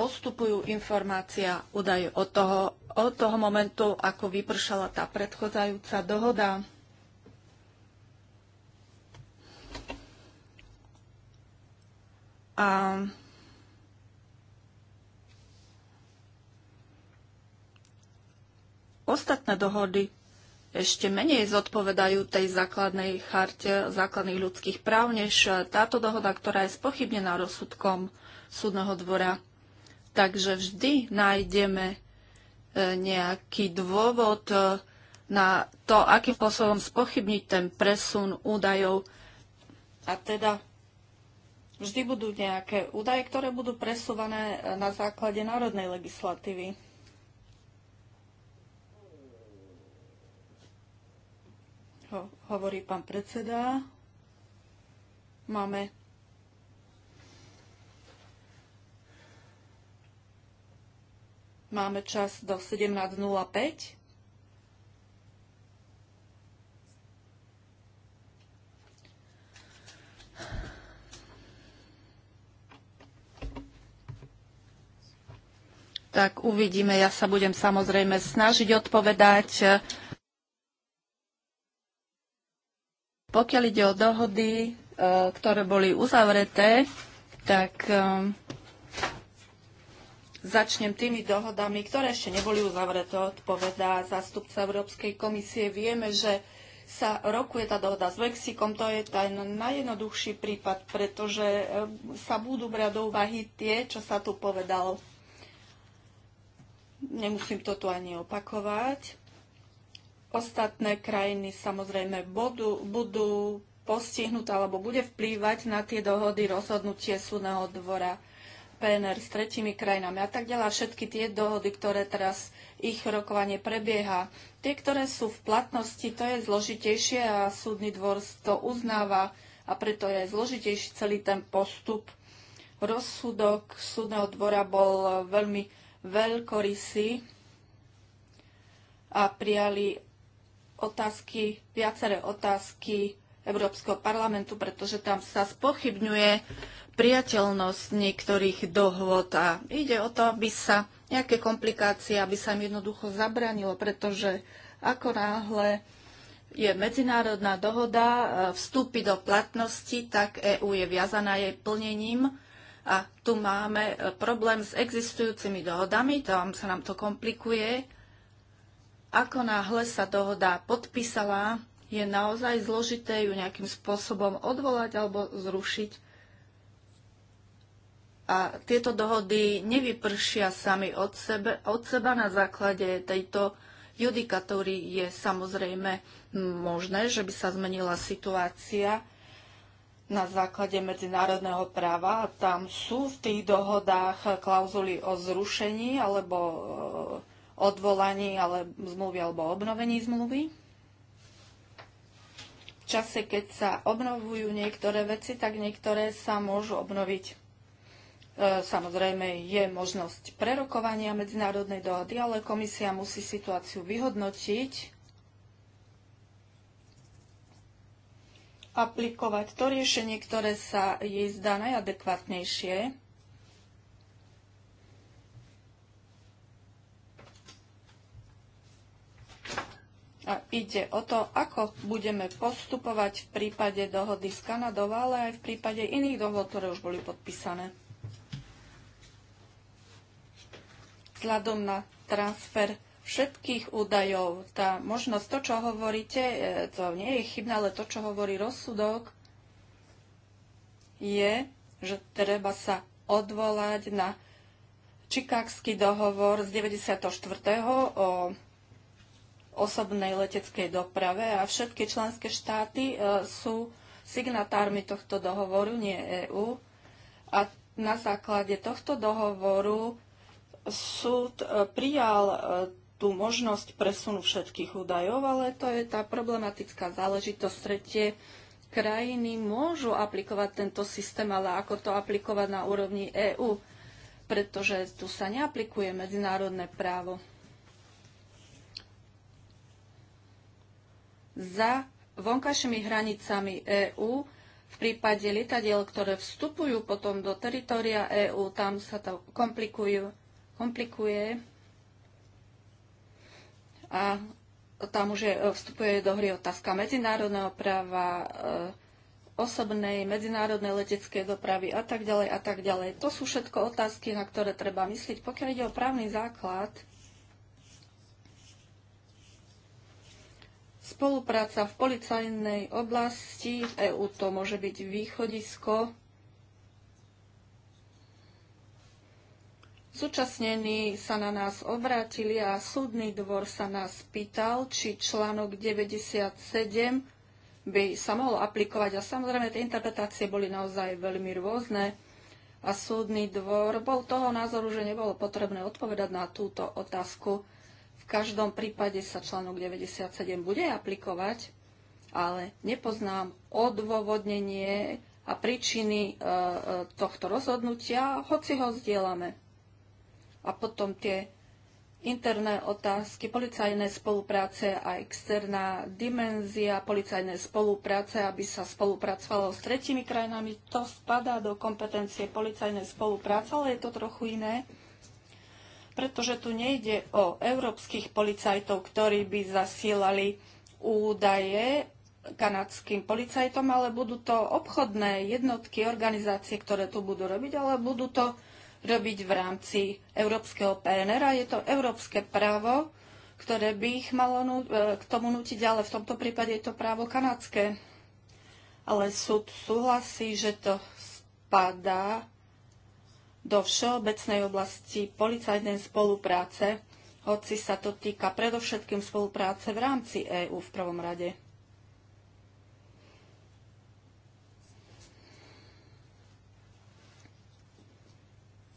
postupujú informácia údaje od toho, od toho momentu, ako vypršala tá predchádzajúca dohoda. A ostatné dohody ešte menej zodpovedajú tej základnej charte základných ľudských práv, než táto dohoda, ktorá je spochybnená rozsudkom súdneho dvora. Takže vždy nájdeme e, nejaký dôvod e, na to, akým spôsobom spochybniť ten presun údajov. A teda vždy budú nejaké údaje, ktoré budú presúvané e, na základe národnej legislatívy. Ho, hovorí pán predseda. Máme Máme čas do 17.05. tak uvidíme. Ja sa budem samozrejme snažiť odpovedať. Pokiaľ ide o dohody, e, ktoré boli uzavreté, tak e, začnem tými dohodami, ktoré ešte neboli uzavreté, odpovedá zástupca Európskej komisie. Vieme, že sa rokuje tá dohoda s Mexikom, to je ten najjednoduchší prípad, pretože e, sa budú brať do úvahy tie, čo sa tu povedalo Nemusím to tu ani opakovať. Ostatné krajiny samozrejme budú, budú postihnuté alebo bude vplývať na tie dohody rozhodnutie súdneho dvora PNR s tretimi krajinami a tak ďalej. Všetky tie dohody, ktoré teraz ich rokovanie prebieha, tie, ktoré sú v platnosti, to je zložitejšie a súdny dvor to uznáva a preto je zložitejší celý ten postup. Rozsudok súdneho dvora bol veľmi veľkorysí a prijali otázky, viaceré otázky Európskeho parlamentu, pretože tam sa spochybňuje priateľnosť niektorých dohôd a ide o to, aby sa nejaké komplikácie, aby sa im jednoducho zabranilo, pretože ako náhle je medzinárodná dohoda e, vstúpi do platnosti, tak EÚ je viazaná jej plnením a tu máme e, problém s existujúcimi dohodami, tam sa nám to komplikuje. Ako náhle sa dohoda podpísala, je naozaj zložité ju nejakým spôsobom odvolať alebo zrušiť. A tieto dohody nevypršia sami od, sebe, od seba na základe tejto judikatúry je samozrejme možné, že by sa zmenila situácia na základe medzinárodného práva. Tam sú v tých dohodách klauzuly o zrušení alebo e, odvolaní ale zmluvy alebo obnovení zmluvy. V čase, keď sa obnovujú niektoré veci, tak niektoré sa môžu obnoviť. E, samozrejme je možnosť prerokovania medzinárodnej dohody, ale komisia musí situáciu vyhodnotiť aplikovať to riešenie, ktoré sa jej zdá najadekvátnejšie. A ide o to, ako budeme postupovať v prípade dohody s Kanadou, ale aj v prípade iných dohod, ktoré už boli podpísané. Vzhľadom na transfer všetkých údajov. Tá možnosť, to, čo hovoríte, e, to nie je chybné, ale to, čo hovorí rozsudok, je, že treba sa odvolať na Čikákský dohovor z 94. o osobnej leteckej doprave a všetky členské štáty e, sú signatármi tohto dohovoru, nie EÚ. A na základe tohto dohovoru súd e, prijal tú možnosť presunu všetkých údajov, ale to je tá problematická záležitosť. Tretie krajiny môžu aplikovať tento systém, ale ako to aplikovať na úrovni EÚ, pretože tu sa neaplikuje medzinárodné právo. Za vonkajšími hranicami EÚ v prípade lietadiel, ktoré vstupujú potom do teritoria EÚ, tam sa to komplikuje a tam už je, e, vstupuje do hry otázka medzinárodného práva, e, osobnej, medzinárodnej leteckej dopravy a tak ďalej a tak ďalej. To sú všetko otázky, na ktoré treba myslieť. Pokiaľ ide o právny základ, spolupráca v policajnej oblasti v EÚ to môže byť východisko Súčasnení sa na nás obrátili a súdny dvor sa nás pýtal, či článok 97 by sa mohol aplikovať. A samozrejme, tie interpretácie boli naozaj veľmi rôzne a súdny dvor bol toho názoru, že nebolo potrebné odpovedať na túto otázku. V každom prípade sa článok 97 bude aplikovať, ale nepoznám odôvodnenie a príčiny e, e, tohto rozhodnutia, hoci ho vzdielame. A potom tie interné otázky, policajné spolupráce a externá dimenzia policajnej spolupráce, aby sa spolupracovalo s tretimi krajinami. To spadá do kompetencie policajnej spolupráce, ale je to trochu iné, pretože tu nejde o európskych policajtov, ktorí by zasielali údaje kanadským policajtom, ale budú to obchodné jednotky, organizácie, ktoré tu budú robiť, ale budú to robiť v rámci európskeho PNR a je to európske právo, ktoré by ich malo e, k tomu nutiť, ale v tomto prípade je to právo kanadské. Ale súd súhlasí, že to spadá do všeobecnej oblasti policajnej spolupráce, hoci sa to týka predovšetkým spolupráce v rámci EÚ v prvom rade.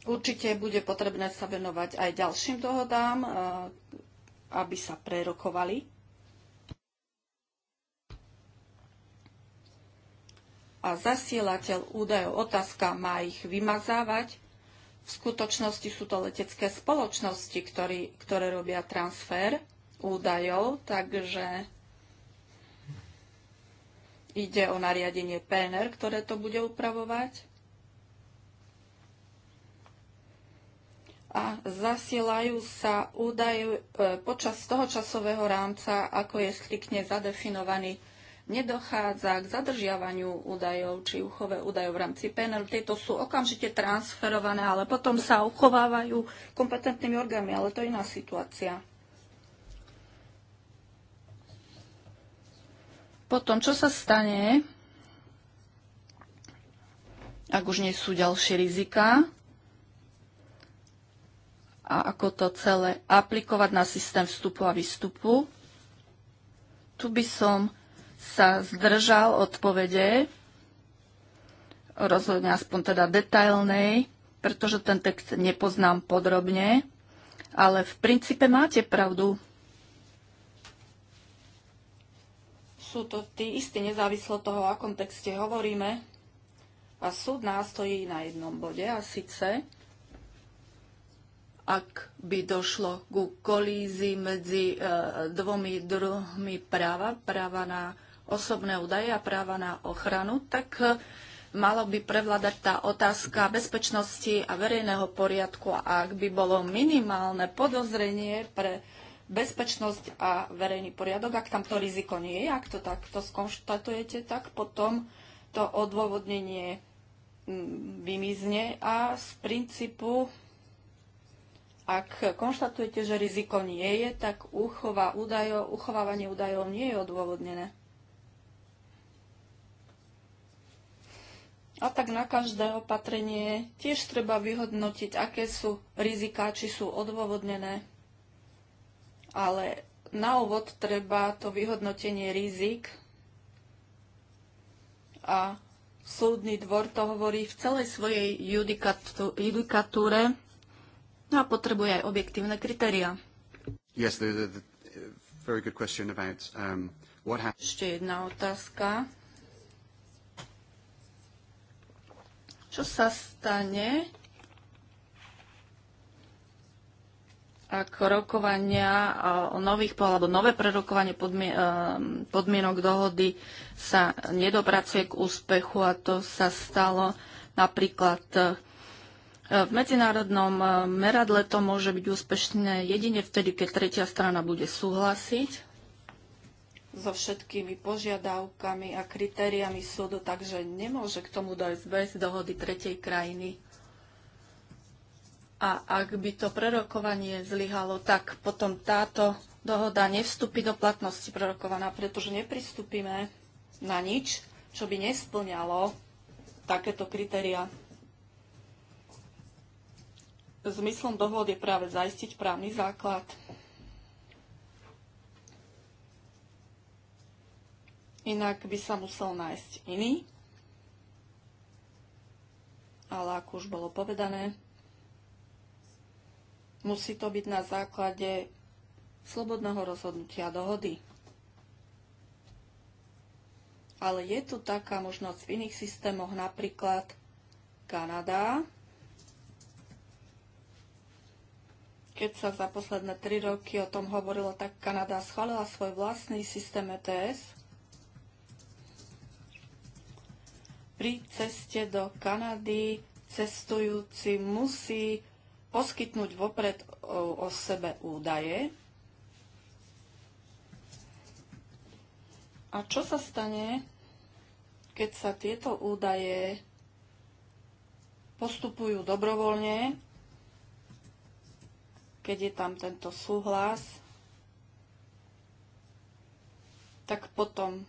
Určite bude potrebné sa venovať aj ďalším dohodám, e, aby sa prerokovali. A zasielateľ údajov otázka má ich vymazávať. V skutočnosti sú to letecké spoločnosti, ktorý, ktoré robia transfer údajov, takže ide o nariadenie PNR, ktoré to bude upravovať. a zasielajú sa údaje e, počas toho časového rámca, ako je striktne zadefinovaný. Nedochádza k zadržiavaniu údajov či uchové údajov v rámci PNL. Tieto sú okamžite transferované, ale potom sa uchovávajú kompetentnými orgánmi, ale to je iná situácia. Potom, čo sa stane, ak už nie sú ďalšie rizika, a ako to celé aplikovať na systém vstupu a výstupu. Tu by som sa zdržal odpovede, rozhodne aspoň teda detailnej, pretože ten text nepoznám podrobne, ale v princípe máte pravdu. Sú to tí istí, nezávislo toho, o akom texte hovoríme. A súd nás stojí na jednom bode, a síce, ak by došlo ku kolízii medzi e, dvomi druhmi práva, práva na osobné údaje a práva na ochranu, tak e, malo by prevládať tá otázka bezpečnosti a verejného poriadku. A ak by bolo minimálne podozrenie pre bezpečnosť a verejný poriadok, ak tam to riziko nie je, ak to takto skonštatujete, tak potom to odôvodnenie mm, vymizne a z princípu ak konštatujete, že riziko nie je, tak uchová uchovávanie údajov nie je odôvodnené. A tak na každé opatrenie tiež treba vyhodnotiť, aké sú riziká, či sú odôvodnené. Ale na úvod treba to vyhodnotenie rizik a súdny dvor to hovorí v celej svojej judikatúre No a potrebuje aj objektívne kritéria. Yes, the, the, the very good question about um, what happened. Ešte jedna otázka. Čo sa stane, ak rokovania uh, o nových, alebo nové prerokovanie podmien um, podmienok dohody sa nedopracuje k úspechu a to sa stalo napríklad uh, v medzinárodnom eh, meradle to môže byť úspešné jedine vtedy, keď tretia strana bude súhlasiť so všetkými požiadavkami a kritériami súdu, takže nemôže k tomu dojsť bez dohody tretej krajiny. A ak by to prerokovanie zlyhalo, tak potom táto dohoda nevstúpi do platnosti prerokovaná, pretože nepristúpime na nič, čo by nesplňalo takéto kritéria. Zmyslom dohôd je práve zaistiť právny základ. Inak by sa musel nájsť iný. Ale ako už bolo povedané, musí to byť na základe slobodného rozhodnutia dohody. Ale je tu taká možnosť v iných systémoch, napríklad Kanada, Keď sa za posledné tri roky o tom hovorilo, tak Kanada schválila svoj vlastný systém ETS. Pri ceste do Kanady cestujúci musí poskytnúť vopred o, o sebe údaje. A čo sa stane, keď sa tieto údaje postupujú dobrovoľne keď je tam tento súhlas, tak potom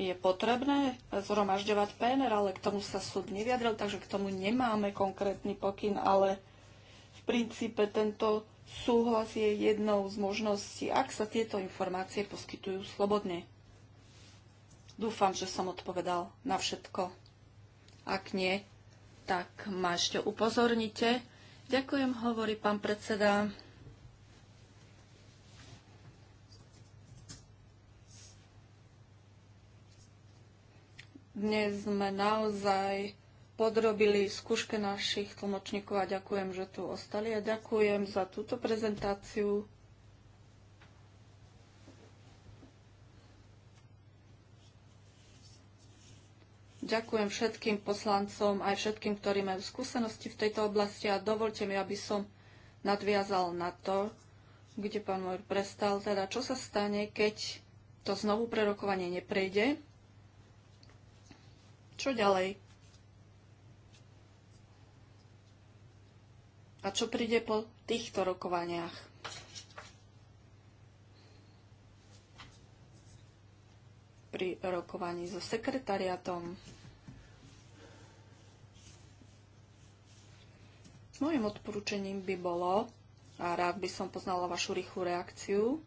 je potrebné zhromažďovať PNR, ale k tomu sa súd neviadril, takže k tomu nemáme konkrétny pokyn, ale v princípe tento súhlas je jednou z možností, ak sa tieto informácie poskytujú slobodne. Dúfam, že som odpovedal na všetko. Ak nie, tak ma ešte upozornite. Ďakujem, hovorí pán predseda. Dnes sme naozaj podrobili skúške našich tlmočníkov a ďakujem, že tu ostali a ďakujem za túto prezentáciu. Ďakujem všetkým poslancom, aj všetkým, ktorí majú skúsenosti v tejto oblasti a dovolte mi, aby som nadviazal na to, kde pán Mojr prestal, teda čo sa stane, keď to znovu prerokovanie neprejde. Čo ďalej? A čo príde po týchto rokovaniach? pri rokovaní so sekretariatom. Mojim odporúčením by bolo, a rád by som poznala vašu rýchlu reakciu,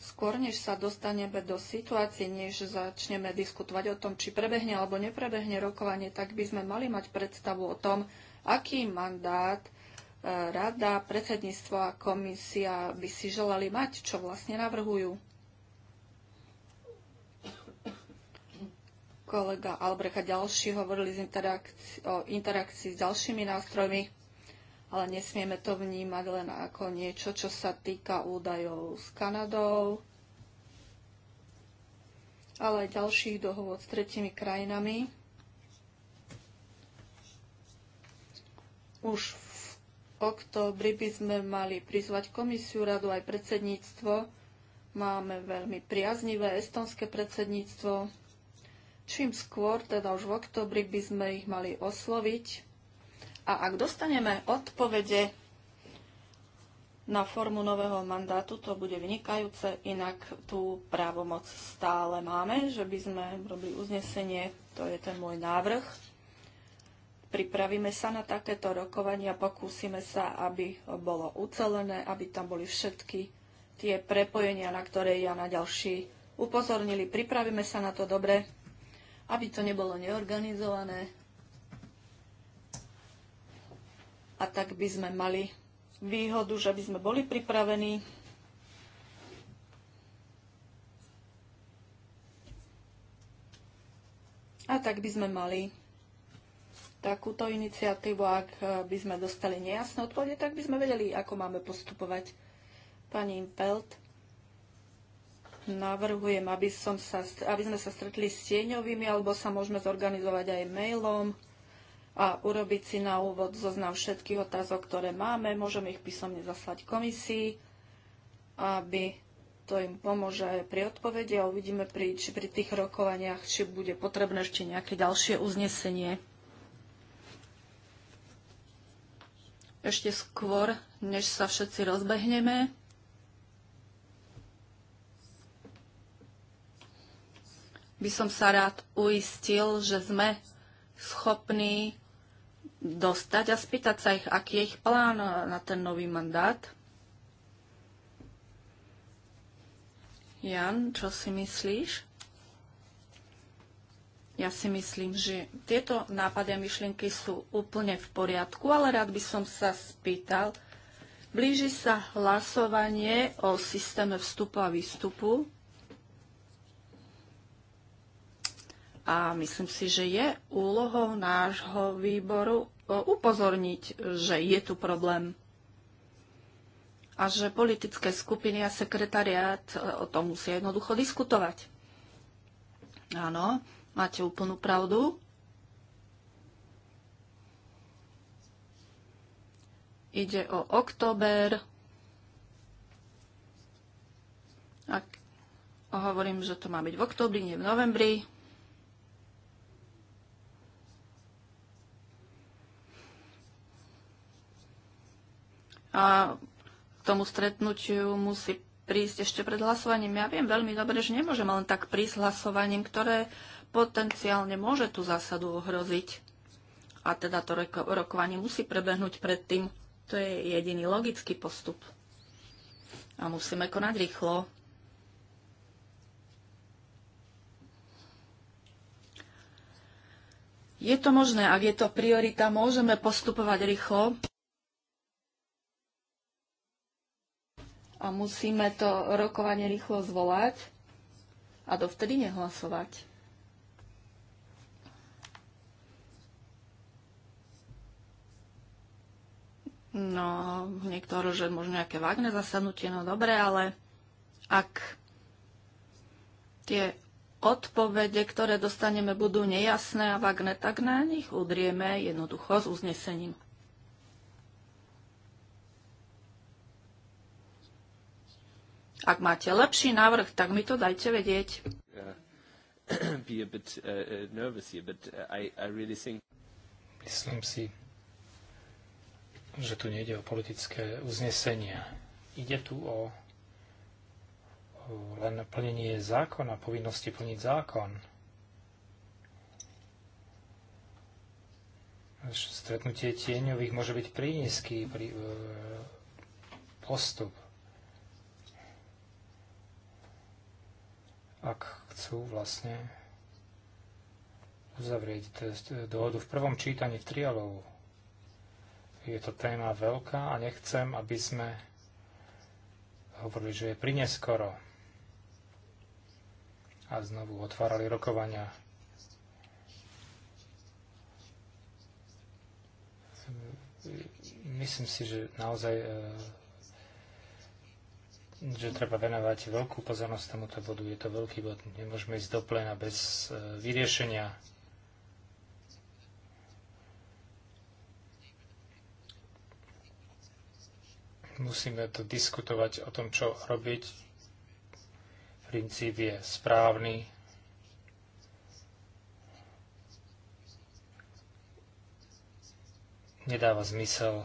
skôr než sa dostaneme do situácie, než začneme diskutovať o tom, či prebehne alebo neprebehne rokovanie, tak by sme mali mať predstavu o tom, aký mandát e, rada, predsedníctvo a komisia by si želali mať, čo vlastne navrhujú. kolega Albrecht a ďalší hovorili interakci- o interakcii s ďalšími nástrojmi, ale nesmieme to vnímať len ako niečo, čo sa týka údajov s Kanadou, ale aj ďalších dohovod s tretimi krajinami. Už v októbri by sme mali prizvať komisiu, radu aj predsedníctvo. Máme veľmi priaznivé estonské predsedníctvo. Čím skôr, teda už v oktobri, by sme ich mali osloviť. A ak dostaneme odpovede na formu nového mandátu, to bude vynikajúce, inak tú právomoc stále máme, že by sme robili uznesenie, to je ten môj návrh. Pripravíme sa na takéto rokovania, pokúsime sa, aby bolo ucelené, aby tam boli všetky tie prepojenia, na ktoré ja na ďalší upozornili. Pripravíme sa na to dobre aby to nebolo neorganizované. A tak by sme mali výhodu, že by sme boli pripravení. A tak by sme mali takúto iniciatívu, ak eh, by sme dostali nejasné odpovede, tak by sme vedeli, ako máme postupovať. Pani Impelt. Navrhujem, aby, som sa, aby sme sa stretli s tieňovými, alebo sa môžeme zorganizovať aj mailom a urobiť si na úvod zoznam všetkých otázok, ktoré máme. Môžeme ich písomne zaslať komisii, aby to im pomôže aj pri odpovedi a uvidíme, pri, či pri tých rokovaniach, či bude potrebné ešte nejaké ďalšie uznesenie. Ešte skôr, než sa všetci rozbehneme, by som sa rád uistil, že sme schopní dostať a spýtať sa ich, aký je ich plán na ten nový mandát. Jan, čo si myslíš? Ja si myslím, že tieto nápady a myšlienky sú úplne v poriadku, ale rád by som sa spýtal. Blíži sa hlasovanie o systéme vstupu a výstupu. A myslím si, že je úlohou nášho výboru e, upozorniť, že je tu problém a že politické skupiny a sekretariát e, o tom musia jednoducho diskutovať. Áno, máte úplnú pravdu. Ide o október. Ak hovorím, že to má byť v októbri, nie v novembri. a k tomu stretnutiu musí prísť ešte pred hlasovaním. Ja viem veľmi dobre, že nemôžem len tak prísť hlasovaním, ktoré potenciálne môže tú zásadu ohroziť. A teda to rokovanie musí prebehnúť predtým. To je jediný logický postup. A musíme konať rýchlo. Je to možné, ak je to priorita, môžeme postupovať rýchlo. a musíme to rokovanie rýchlo zvolať a dovtedy nehlasovať. No, niektoré, že možno nejaké vágne zasadnutie, no dobre, ale ak tie odpovede, ktoré dostaneme, budú nejasné a vágne, tak na nich udrieme jednoducho s uznesením. Ak máte lepší návrh, tak mi to dajte vedieť. Myslím si, že tu nejde o politické uznesenia. Ide tu o len plnenie zákona, povinnosti plniť zákon. Stretnutie tieňových môže byť prínisky pri, e, postup. ak chcú vlastne uzavrieť eh, dohodu v prvom čítaní v trialógu. Je to téma veľká a nechcem, aby sme hovorili, že je prineskoro a znovu otvárali rokovania. Myslím si, že naozaj eh, že treba venovať veľkú pozornosť tomuto bodu. Je to veľký bod. Nemôžeme ísť do plena bez e, vyriešenia. Musíme to diskutovať o tom, čo robiť. Princíp je správny. Nedáva zmysel e,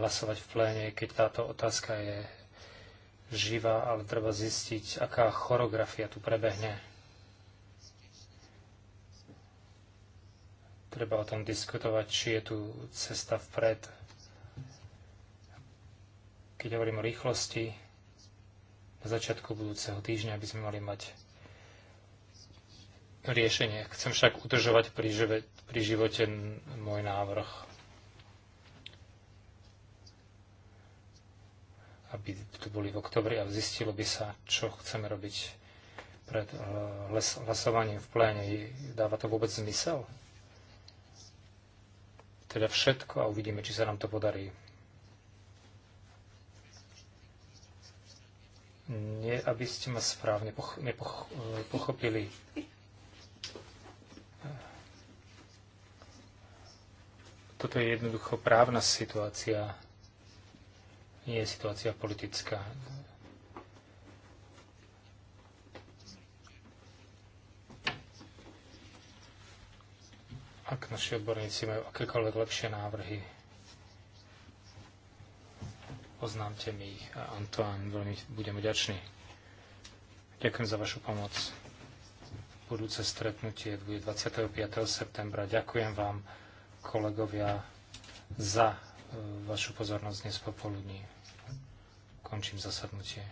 hlasovať v pléne, keď táto otázka je živá, ale treba zistiť, aká chorografia tu prebehne. Treba o tom diskutovať, či je tu cesta vpred. Keď hovorím o rýchlosti, na začiatku budúceho týždňa by sme mali mať riešenie. Chcem však udržovať pri, pri živote môj návrh. aby tu boli v oktobri a zistilo by sa, čo chceme robiť pred eh, hlasovaním v pléne. Dáva to vôbec zmysel? Teda všetko a uvidíme, či sa nám to podarí. Nie, aby ste ma správne poch- nepoch- eh, pochopili. Toto je jednoducho právna situácia nie je situácia politická. Ak naši odborníci majú akékoľvek lepšie návrhy, oznámte mi ich a Antoán, veľmi budem vďačný. Ďakujem za vašu pomoc. Budúce stretnutie bude 25. septembra. Ďakujem vám, kolegovia, za e, vašu pozornosť dnes popoludní. Končím zasadnutie.